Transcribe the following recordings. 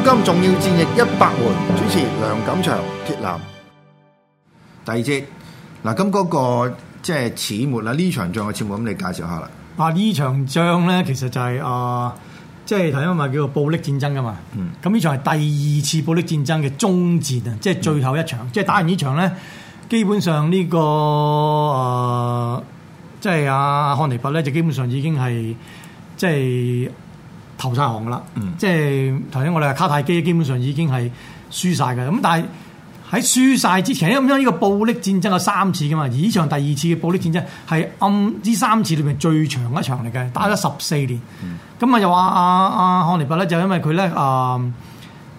古今重要戰役一百回，主持梁錦祥、鐵男。第二節，嗱，咁嗰個即係始末啦。呢場仗嘅始末，咁你介紹下啦。啊，呢場仗咧，其實就係、是、啊，即係頭先話，叫做暴力戰爭噶嘛。嗯。咁呢場係第二次暴力戰爭嘅終戰啊，即、就、係、是、最後一場。即係、嗯、打完場呢場咧，基本上呢、這個、呃就是、啊，即係阿漢尼拔咧，就基本上已經係即係。就是就是投晒行噶啦，即係頭先我哋迦太基基本上已經係輸晒嘅。咁但係喺輸晒之前，因為咁樣呢個暴力戰爭有三次噶嘛，以上第二次嘅暴力戰爭係暗呢三次裏邊最長一場嚟嘅，打咗十四年，咁、嗯、啊又話阿阿漢尼拔咧就因為佢咧啊。呃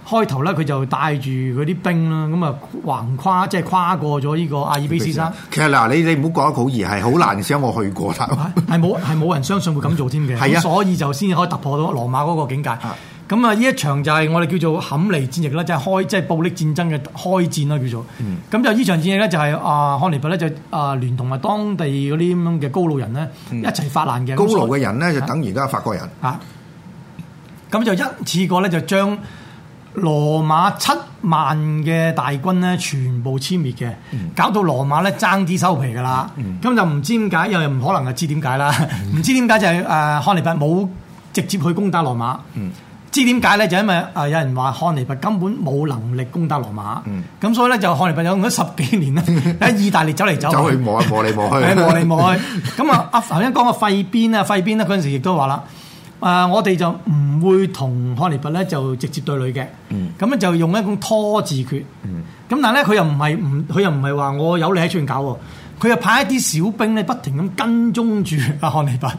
開頭咧，佢就帶住佢啲兵啦，咁啊橫跨即係、就是、跨過咗呢個阿爾卑斯山。其實嗱，你你唔好講得好易，係好難嘅，我去過啦，係冇係冇人相信會咁做添嘅。係 啊，所以就先至可以突破到羅馬嗰個境界。咁啊，呢一場就係我哋叫做坎尼戰役啦，即係開即係暴力戰爭嘅開戰啦，叫做。咁、嗯、就呢場戰役咧、就是，呃、康就係啊漢尼拔咧就啊聯同埋當地嗰啲咁樣嘅高盧人咧一齊發難嘅、嗯。高盧嘅人咧就等於而家法國人。啊！咁、啊啊、就一次過咧就將羅馬七萬嘅大軍咧，全部殲滅嘅，搞到、嗯、羅馬咧爭啲收皮噶啦。咁、嗯、就唔知點解，又又唔可能係知點解啦？唔、嗯、知點解就係誒漢尼拔冇直接去攻打羅馬。嗯、知點解咧？就因為誒有人話漢尼拔根本冇能力攻打羅馬。咁、嗯、所以咧，就漢尼拔用咗十幾年咧，喺意大利走嚟走去， 走磨嚟、啊、磨嚟磨去， 磨嚟磨去。咁啊， 我頭先講個費邊啊，費邊啊，嗰陣時亦都話啦。誒，uh, 我哋就唔會同漢尼拔咧就直接對壘嘅，咁咧、mm. 就用一種拖字訣，咁、mm. 但係咧佢又唔係唔佢又唔係話我有你喺處搞喎，佢又派一啲小兵咧不停咁跟蹤住漢尼拔，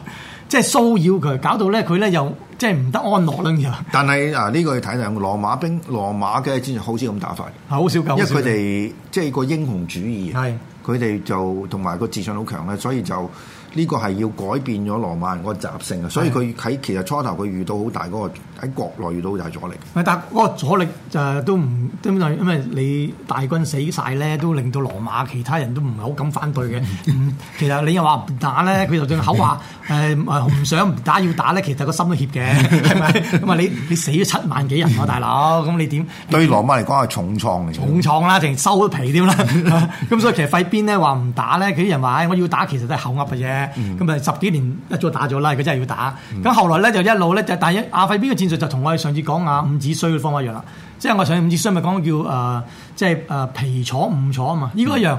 即係騷擾佢，搞到咧佢咧又。即係唔得安樂咯， 但係啊，呢、這個要睇兩個。羅馬兵、羅馬嘅戰術好少咁打法，好少。因為佢哋 即係個英雄主義，係佢哋就同埋個自信好強咧，所以就呢個係要改變咗羅馬人個習性啊。所以佢喺其實初頭佢遇到好大，嗰個喺國內遇到好大阻力。唔但係嗰個阻力就都唔因為你大軍死晒咧，都令到羅馬其他人都唔係好敢反對嘅、 呃。其實你又話唔打咧，佢就算口話誒誒，唔想唔打要打咧，其實個心都怯嘅。係咪咁啊？你你死咗七萬幾人啊，大 佬樂！咁你點？對羅馬嚟講係重創嚟，重創啦，定收咗皮添啦。咁 所以其實費邊咧話唔打咧，佢啲人話：，我要打，其實都係口噏嘅啫。咁啊， 十幾年一早打咗啦，佢真係要打。咁後來咧就一路咧就第一，阿費邊嘅戰術就同我哋上次講阿伍子胥嘅方法一樣啦。即係我上次伍子胥咪講叫誒，即係誒皮楚五楚啊嘛。呢個一樣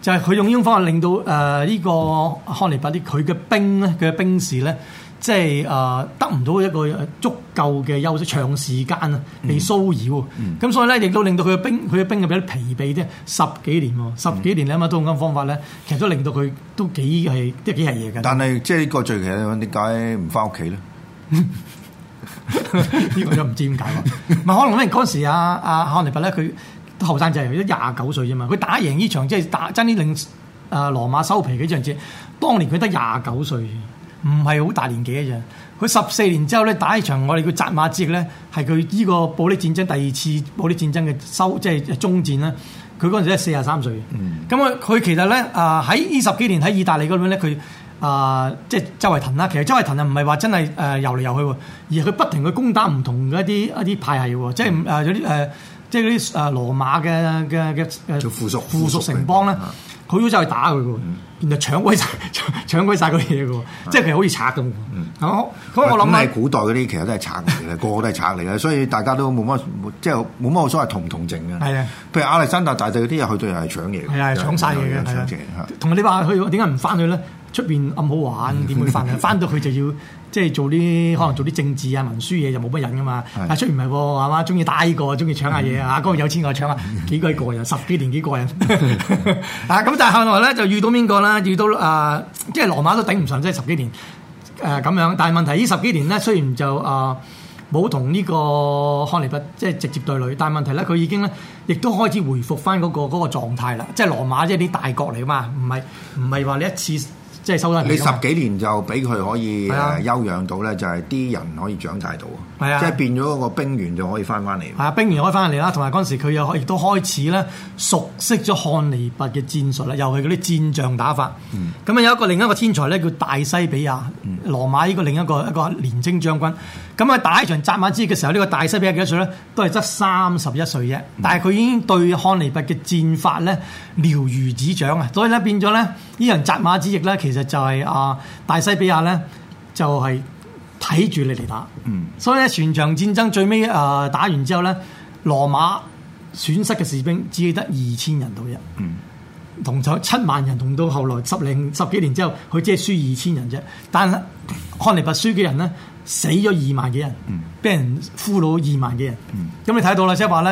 就係、是、佢用呢種方法令到誒呢、呃這個漢尼拔啲佢嘅兵咧，佢嘅兵士咧。即係誒、呃、得唔到一個足夠嘅休息，長時間啊嚟騷擾，咁、嗯、所以咧，亦都令到佢嘅兵，佢嘅兵啊，比較疲憊啲。十幾年喎，十幾年咧，咁樣用咁嘅方法咧，其實都令到佢都幾係即係幾係嘢嘅。但係即係個罪其實點解唔翻屋企咧？呢 個又唔知點解 可能咧嗰陣時，阿阿漢尼拔咧，佢後生仔，一廿九歲啫嘛，佢打贏呢場即係打爭啲令誒羅馬收皮嘅場次，當年佢得廿九歲。唔係好大年紀嘅啫，佢十四年之後咧，打呢場我哋叫札馬之役咧，係佢呢個保力戰爭第二次保力戰爭嘅收即係終戰啦。佢嗰陣時係四十三歲，咁啊佢其實咧啊喺呢十幾年喺意大利嗰邊咧佢啊即係周圍騰啦，其實周圍騰又唔係話真係誒遊嚟遊去喎，而佢不停去攻打唔同嘅一啲一啲派系喎、嗯呃，即係誒有啲誒即係嗰啲誒羅馬嘅嘅嘅附屬附屬城邦咧。好少走去打佢嘅，然後搶鬼曬、搶鬼曬嗰啲嘢嘅，即係譬如好似賊咁。咁、嗯、我諗啊，古代嗰啲其實都係賊嚟嘅，個個都係賊嚟嘅，所以大家都冇乜，即係冇乜所謂同唔同情嘅。係啊，譬如亞歷山大大帝嗰啲，去到又係搶嘢，係啊，搶曬嘅，同埋你話去，點解唔翻去咧？出邊咁好玩，點 會翻嚟？翻到去就要即係做啲可能做啲政治啊、文書嘢，就冇乜人噶嘛。但出邊唔係喎，係嘛？中意打呢個，中意搶下嘢是的 啊。嗰個有錢我就搶下，幾個人十幾年幾個人 啊？咁但係後來咧就遇到邊個啦？遇到啊、呃，即係羅馬都頂唔順，即係十幾年誒咁、呃、樣。但係問題呢十幾年咧，雖然就啊冇同呢個漢尼拔即係直接對壘，但係問題咧佢已經咧亦都開始回復翻、嗰、嗰個嗰、嗰個嗰個狀態啦。即係羅馬即係啲大國嚟啊嘛，唔係唔係話你一次。即係收你十幾年就俾佢可以誒休養到咧，係啊，就係啲人可以長大到啊！係啊，即係變咗個兵員就可以翻翻嚟。係啊，兵員可以翻翻嚟啦。同埋嗰陣時佢又亦都開始咧熟悉咗漢尼拔嘅戰術啦，又係嗰啲戰象打法。咁啊、嗯、有一個另一個天才咧叫大西比亞，羅馬呢個另一個一個年輕將軍。咁啊打一場札馬之役嘅時候，呢、這個大西庇亞幾多歲呢？都係得三十一歲啫。嗯、但係佢已經對漢尼拔嘅戰法呢，了如指掌啊！所以咧變咗呢，呢場札馬之役呢，其實就係、是、啊大西庇亞呢，就係睇住你嚟打。嗯。所以咧全場戰爭最尾啊、呃、打完之後呢，羅馬損失嘅士兵只係得二千人到啫。嗯。同七萬人同到後來十零十幾年之後，佢只係輸二千人啫。但係。漢尼拔輸嘅人咧死咗二萬幾人，俾、嗯、人俘虜二萬幾人。咁、嗯、你睇到啦，即係話咧，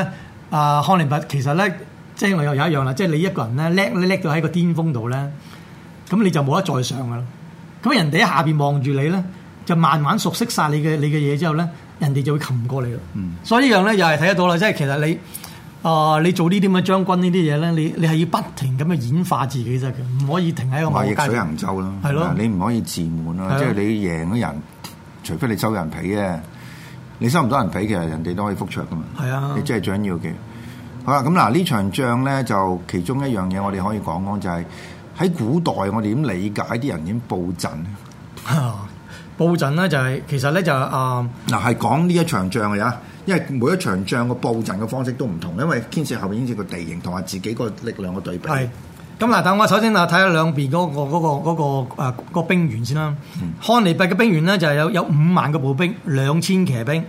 啊、呃、漢尼拔其實咧，即係我又有一樣啦，即係你一個人咧叻咧叻到喺個巔峰度咧，咁你就冇得再上噶啦。咁人哋喺下邊望住你咧，就慢慢熟悉晒你嘅你嘅嘢之後咧，人哋就會擒過你咯。嗯、所以呢樣咧又係睇得到啦，即係其實你。啊、呃！你做呢啲咁嘅將軍呢啲嘢咧，你你係要不停咁嘅演化自己啫，唔可以停喺個網。逆水行舟啦，是的 你唔可以自滿啦。是的 即係你贏咗人，除非你收人皮嘅，你收唔到人皮，其實人哋都可以覆出噶嘛。係啊，你真係最緊要嘅。嗯、好啦，咁嗱呢場仗咧，就其中一樣嘢，我哋可以講講就係、是、喺古代，我哋點理解啲人點布陣布佈 陣咧就係、是、其實咧就啊嗱係講呢一場仗嘅。啊！因為每一場仗嘅佈陣嘅方式都唔同，因為牽涉後面牽涉個地形同埋自己個力量嘅對比。係，咁嗱，等我首先啊睇下兩邊嗰、個嗰、個嗰、誒個、兵源先啦。漢、嗯、尼拔嘅兵源咧就係有有五萬個步兵、兩千騎兵。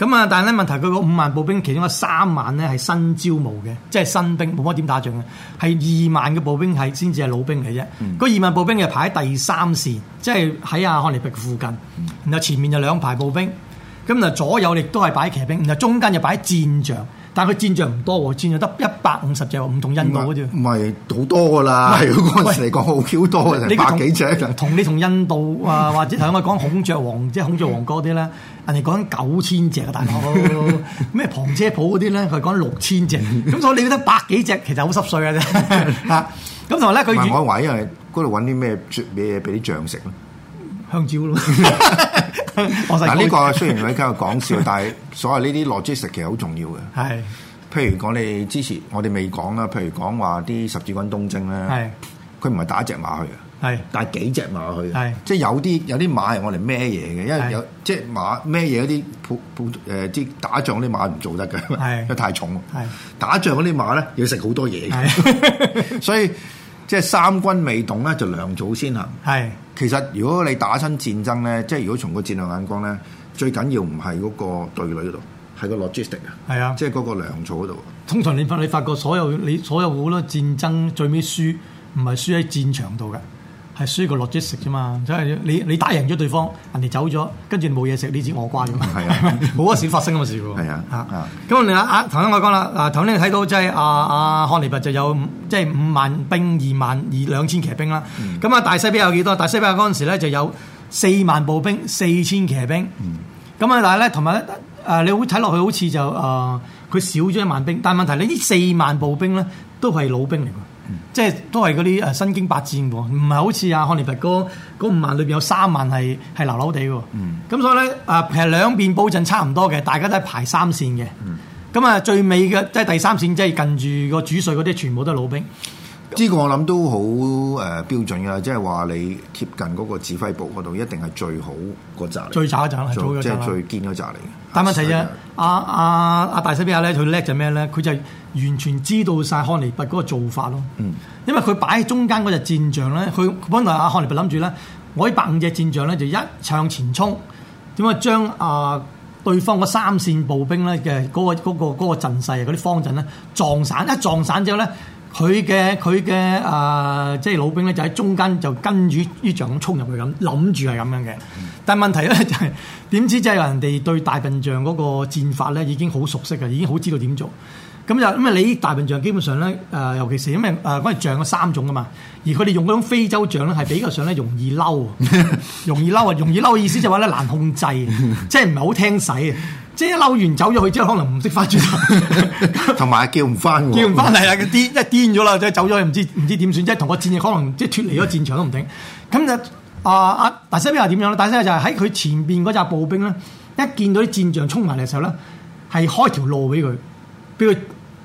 咁啊、嗯，但係咧問題佢個五萬步兵其中有三萬咧係新招募嘅，即係新兵，冇乜點打仗嘅。係二萬嘅步兵係先至係老兵嚟啫。個二萬步兵係、嗯、排喺第三線，即係喺阿漢尼拔附近，然後前面有兩排步兵。咁嗱，左右亦都係擺騎兵，然後中間又擺戰象，但係佢戰象唔多喎，戰象得一百五十隻唔同印度嗰啲。唔係好多㗎啦，嗰陣時嚟講好 Q 多嘅，百幾隻。同你同印度啊，或者頭先我講孔雀王，嗯、即係孔雀王多啲咧，嗯、人哋講緊九千隻嘅大佬，咩旁遮普嗰啲咧，佢講緊六千隻。咁所以你覺得百幾隻其實好濕碎啊啫。嚇！ 咁同埋咧，佢唔係我話因為嗰度揾啲咩咩嘢俾啲象食咧。香蕉咯，嗱，呢個雖然佢喺度講笑，但係所謂呢啲 logistics 其實好重要嘅。係，譬如講你之前我哋未講啦，譬如講話啲十字軍東征咧，係佢唔係打一隻馬去啊，係帶幾隻馬去啊，係即係有啲有啲馬係我哋孭嘢嘅，因為有即係馬孭嘢嗰啲普普誒打仗嗰啲馬唔做得㗎，係因為太重，係打仗嗰啲馬咧要食好多嘢所以。即係三軍未動咧，就糧草先行。係的，其實如果你打親戰爭咧，即係如果從個戰略眼光咧，最緊要唔係嗰個對壘嗰度，係個 logistic 啊的。係啊，即係嗰個糧草嗰度。通常你發你發覺，所有你所有好多戰爭最尾輸唔係輸喺戰場度嘅。係輸個落桌食啫嘛，即係你你打贏咗對方，人哋走咗，跟住冇嘢食，你知、嗯、 我瓜咁啊？冇乜事發生咁嘅事喎。咁啊，頭先我講啦，頭先你睇到即係阿阿漢尼拔就有即係、就是、五萬兵、二萬二兩千騎兵啦。咁啊、嗯，大西庇有幾多？大西庇嗰陣時咧就有四萬步兵、四千騎兵。咁啊、嗯，但係咧，同埋咧，誒你會睇落去好似就誒佢、呃、少咗一萬兵，但係問題你呢四萬步兵咧都係老兵嚟㗎。即係都係嗰啲誒身經百戰喎，唔係好似阿漢尼拔哥嗰五萬裏邊有三萬係係流流地喎。咁、 啊、所以咧誒，啊、其實兩邊布陣差唔多嘅，大家都係排三線嘅。咁啊， 最尾嘅即係第三線，即係近住個主帥嗰啲，全部都係老兵。呢個我諗都好誒標準㗎，即係話你貼近嗰個指揮部嗰度，一定係最好個集最渣嘅集係最，即係最堅嘅集。但係問題啊，阿阿阿大西庇亞咧，佢叻就咩咧？佢就完全知道晒漢尼拔嗰個做法咯。嗯，因為佢擺喺中間嗰隻戰象咧，佢本來阿漢尼拔諗住咧，我呢百五隻戰象咧就一向前衝，點解將啊對方嗰三線步兵咧嘅嗰個嗰個嗰個陣勢嗰啲方陣咧撞散，一撞散之後咧？佢嘅佢嘅啊，即係老兵咧，就喺中間就跟住呢象咁衝入去咁，諗住係咁樣嘅。但係問題咧就係、是、點知，即係人哋對大笨象嗰個戰法咧已經好熟悉嘅，已經好知道點做。咁就因為，你大笨象基本上咧啊、呃，尤其是因為啊嗰隻象有三種噶嘛，而佢哋用嗰種非洲象咧係比較上咧容易嬲 容易嬲啊，容易嬲嘅意思就話咧難控制，即係唔係好聽使。即一嬲完 走咗去，之後可能唔識翻轉頭，同埋叫唔翻喎。叫唔翻係啊！癲一癲咗啦，即係走咗，唔知唔知點算即啫。同個戰役可能即係脫離咗戰場都唔定。咁就啊啊大西比亞點樣咧？大西就係喺佢前邊嗰紮步兵咧，一見到啲戰象衝埋嚟嘅時候咧，係開條路俾佢，俾佢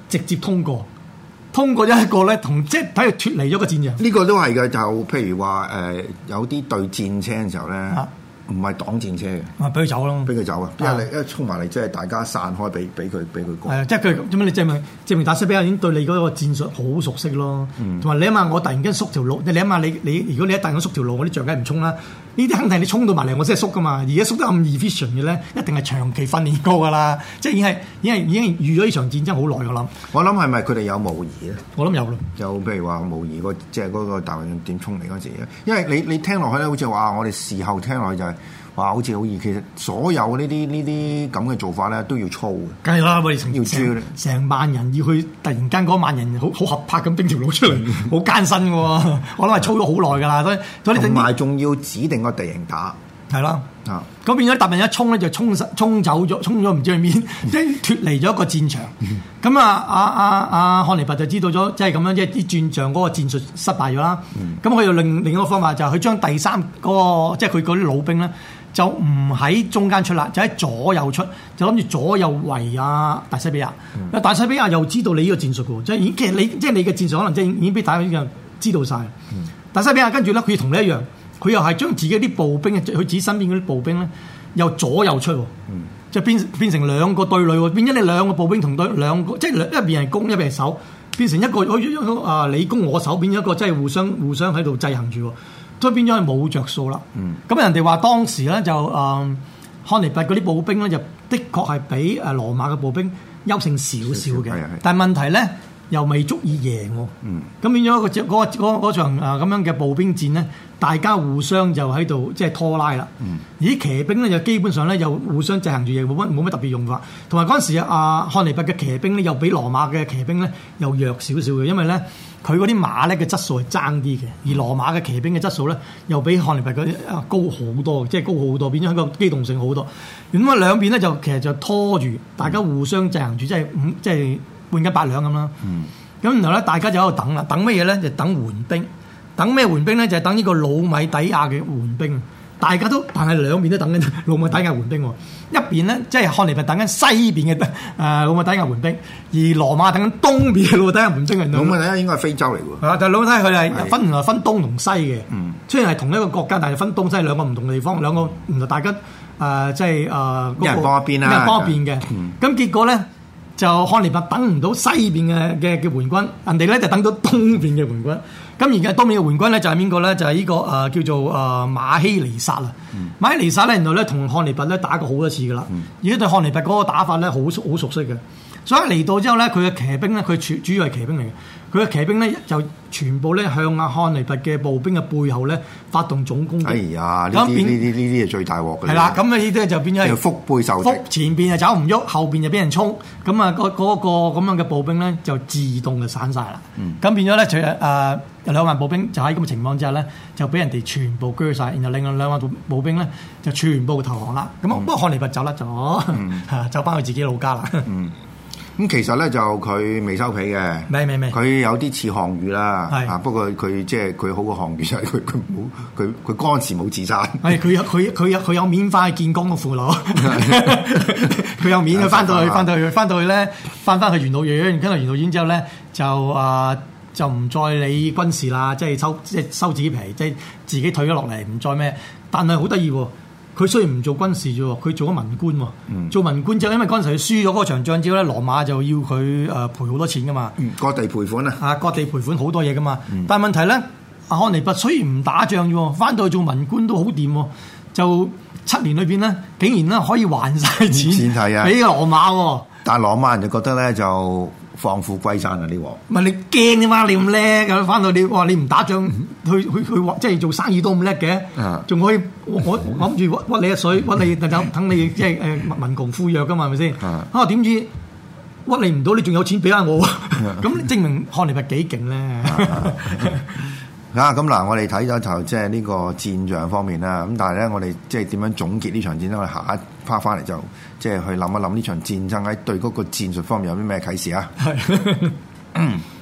直接通過，通過咗一個咧，同即係睇佢脫離咗個戰場。呢個都係嘅，就譬如話誒、呃，有啲對戰車嘅時候咧。啊唔係擋戰車嘅，啊！俾佢走咯，俾佢走啊！一嚟的一衝埋嚟，即係大家散開，俾俾佢俾佢過。係啊，即係佢，咁樣，你證明證明打西比亞已經對你嗰個戰術好熟悉咯。嗯，同埋你諗下，我突然間縮條路，你諗下，你你如果你一突然間縮條路，我啲象梗唔衝啦。呢啲肯定你衝到埋嚟，我先係縮噶嘛。而家縮得咁 efficient 嘅咧，一定係長期訓練過噶啦。即係已經係已經已經預咗呢場戰爭好耐。我諗，我諗係咪佢哋有模擬咧？我諗有咯。有譬如話模擬個即係嗰個大軍點衝嚟嗰陣時，因為你你聽落去咧，好似話我哋事後聽落去就係、是。好似好易，其實所有呢啲呢啲咁嘅做法咧，都要操嘅。梗係啦，我哋成要招成萬人要去突然間嗰萬人好好合拍咁冰條攞出嚟，好艱辛嘅喎。我諗係操咗好耐㗎啦，所以呢同埋仲要指定個地形打，係啦。啊，咁變咗突人一衝咧，就衝實走咗，衝咗唔知去邊，即係脫離咗個戰場。咁啊，阿阿阿漢尼拔就知道咗，即係咁樣，即係啲戰象嗰個戰術失敗咗啦。咁佢又另另一個方法就係佢將第三嗰個，即係佢嗰啲老兵咧。就唔喺中間出啦，就喺左右出，就諗住左右圍阿、啊、大西比亞。嗯、大西比亞又知道你呢個戰術嘅喎，即、就、係、是、已經其實你即係、就是、你嘅戰術，可能即係已經俾大家、嗯、西比亞知道晒。大西比亞跟住咧，佢同你一樣，佢又係將自己啲步兵，佢自己身邊嗰啲步兵咧，又左右出，即係、嗯、變，變成兩個對壘，變咗你兩個步兵同對兩個，即、就、係、是、一邊係攻，一邊係守，變成一個啊你攻我守，變咗一個即係互，互相互相喺度制衡住。都變咗係冇着數啦。咁、嗯、人哋話當時咧就誒漢、嗯、尼拔嗰啲步兵咧就的確係比誒羅馬嘅步兵優勝少少嘅。少少是是是，但係問題咧又未足以贏喎。咁、嗯、變咗個只嗰場誒咁樣嘅步兵戰咧，大家互相就喺度即係拖拉啦。嗯、而啲騎兵咧就基本上咧又互相制衡住嘢，冇乜冇乜特別用法。同埋嗰陣時阿漢、啊、尼拔嘅騎兵咧又比羅馬嘅騎兵咧又弱少少嘅，因為咧。佢嗰啲馬咧嘅質素係爭啲嘅，而羅馬嘅騎兵嘅質素咧又比漢尼拔嗰啲高好多，即係高好多，變咗一個機動性好多。咁啊兩邊咧就其實就拖住，大家互相制衡住，即係五即係半斤八兩咁啦。咁、嗯、然後咧，大家就喺度等啦，等乜嘢咧？就等援兵。等咩援兵咧？就等呢個老米底亞嘅援兵。大家都，但係兩邊都等緊努米底亞援兵喎。一邊咧，即係漢尼拔等緊西邊嘅誒努米底亞援兵，而羅馬等緊東邊嘅努米底亞援兵。努米底亞應該係非洲嚟㗎。係啊、嗯，就努米底亞佢哋分唔啊的分，分東同西嘅。嗯，雖然係同一個國家，但係分東西兩個唔同地方，兩個唔同大家誒、呃、即係、呃那個、人多方便啊？邊方便嘅。咁、嗯嗯、結果咧。就漢尼拔等唔到西邊嘅嘅嘅援軍，人哋咧就等到東邊嘅援軍。咁而家東面嘅援軍咧就係邊個咧？就係、是、呢、這個誒、呃、叫做誒馬希尼薩啦。嗯、馬希尼薩咧，原來咧同漢尼拔咧打過好多次噶啦。嗯、而且對漢尼拔嗰個打法咧好熟好熟悉嘅，所以嚟到之後咧，佢嘅騎兵咧，佢主要係騎兵嚟嘅。佢嘅騎兵咧就全部咧向阿漢尼拔嘅步兵嘅背後咧發動總攻擊。哎呀！呢啲呢啲呢啲係最大鑊嘅。係啦，咁咧呢啲就變咗係腹背受敵。前邊就走唔喐，後邊就俾人衝。咁、那、啊、個，嗰、那個咁、那個、樣嘅步兵咧就自動就散晒啦。咁、嗯、變咗咧，除、呃、啊兩萬步兵就喺咁嘅情況之下咧，就俾人哋全部鋸晒。然後另外兩萬步兵咧就全部投降啦。咁不過漢尼拔走甩咗，走翻去自己老家啦。嗯 咁其實咧就佢未收皮嘅，未未未，佢有啲似項羽啦，啊是不過佢即係佢好過項羽，就係佢佢冇佢佢當時冇自殺，係佢佢佢佢有面翻去建功嘅父老，佢有面翻 到去翻 到去翻到去咧翻翻去元老院，跟住元老院之後咧就啊、呃、就唔再理軍事啦，即、就、係、是、收即係、就是、收自己皮，即、就、係、是、自己退咗落嚟唔再咩，但係好得意喎。佢雖然唔做軍事啫喎，佢做咗文官喎。嗯、做文官之後，因為嗰陣時佢輸咗嗰場仗之後咧，羅馬就要佢誒賠好多錢噶嘛、嗯。各地賠款咧。啊，各地賠款好多嘢噶嘛。嗯、但係問題咧，漢尼拔雖然唔打仗啫喎，翻到去做文官都好掂喎。就七年裏邊咧，竟然咧可以還晒錢。係啊，俾羅馬。但係羅馬人就覺得咧就。放虎歸山啊！呢個唔係你驚啊嘛？你咁叻咁翻到你哇！你唔打仗去去去即係做生意都咁叻嘅，仲 可以我諗住屈屈你一水， 屈你等你即係誒民民窮富弱噶嘛？係咪先啊？點知屈你唔到，你仲有錢俾翻我，咁 證明漢尼拔幾勁咧！ 啊，咁嗱，我哋睇咗就即係呢個戰場方面啦，咁但係咧，我哋即係點樣總結呢場戰爭？我哋下一 part 翻嚟就即係去諗一諗呢場戰爭喺對嗰個戰術方面有啲咩啟示啊？係。